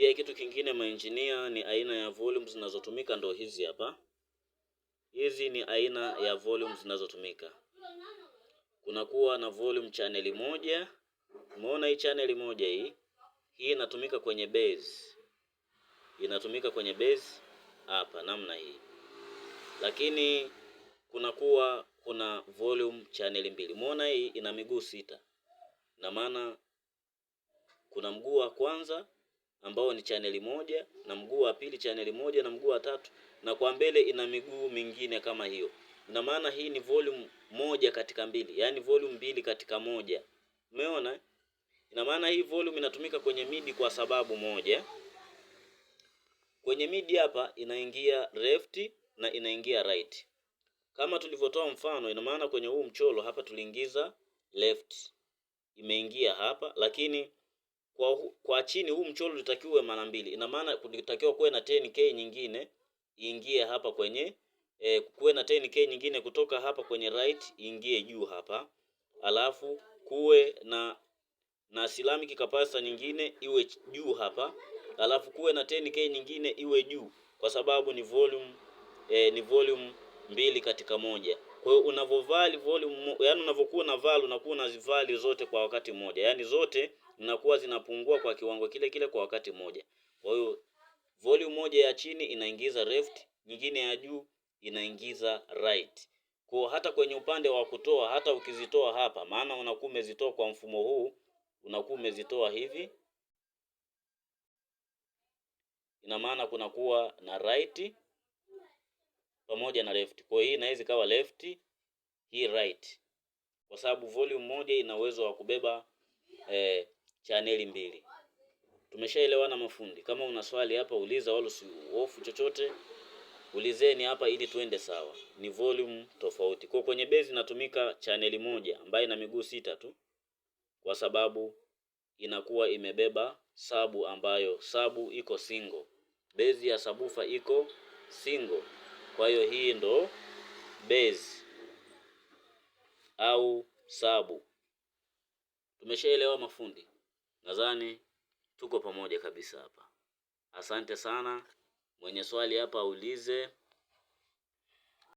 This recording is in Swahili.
Pia kitu kingine maengineer, ni aina ya volumes zinazotumika ndo hizi hapa. Hizi ni aina ya volumes zinazotumika. Kunakuwa na volume channel moja. Umeona hii channel moja hii, hii inatumika kwenye base, inatumika kwenye base hapa namna hii, lakini kunakuwa kuna volume channel mbili. Umeona hii ina miguu sita, na maana kuna mguu wa kwanza ambao ni chaneli moja na mguu wa pili chaneli moja na mguu wa tatu, na kwa mbele ina miguu mingine kama hiyo. Ina maana hii ni volume moja katika mbili, yani volume mbili katika moja. Umeona, ina maana hii volume inatumika kwenye midi kwa sababu moja. Kwenye midi hapa inaingia left na inaingia right kama tulivyotoa mfano. Ina maana kwenye huu mcholo hapa tuliingiza left, imeingia hapa, lakini kwa, kwa chini huu mchoro ulitakiwa mara mbili. Ina maana kulitakiwa kuwe na 10k nyingine ingie hapa kwenye eh, kuwe na 10k nyingine kutoka hapa kwenye right ingie juu hapa, alafu kuwe na na Islamic capacitor nyingine iwe juu hapa, alafu kuwe na 10k nyingine iwe juu, kwa sababu ni volume eh, ni volume mbili katika moja. Kwa hiyo unavovali volume, yani unavokuwa na unakuwa unazivali zote kwa wakati mmoja, yani zote zinakuwa zinapungua kwa kiwango kile kile kwa wakati mmoja. Kwa hiyo volume moja ya chini inaingiza left, nyingine ya juu inaingiza right. Kwa hata kwenye upande wa kutoa, hata ukizitoa hapa, maana unakuwa umezitoa kwa mfumo huu, unakuwa umezitoa hivi, ina maana kunakuwa na right pamoja na left. Kwa hii inaweza ikawa left, hii right, kwa sababu volume moja ina uwezo wa kubeba eh, chaneli mbili. Tumeshaelewana mafundi? Kama una swali hapa uliza, wala usihofu chochote, ulizeni hapa ili tuende sawa. Ni volume tofauti. Kwa kwenye base inatumika chaneli moja ambayo ina miguu sita tu, kwa sababu inakuwa imebeba sabu ambayo sabu iko single, base ya sabufa iko single. Kwa hiyo hii ndo base au sabu. Tumeshaelewa mafundi, nadhani tuko pamoja kabisa hapa. Asante sana. Mwenye swali hapa aulize.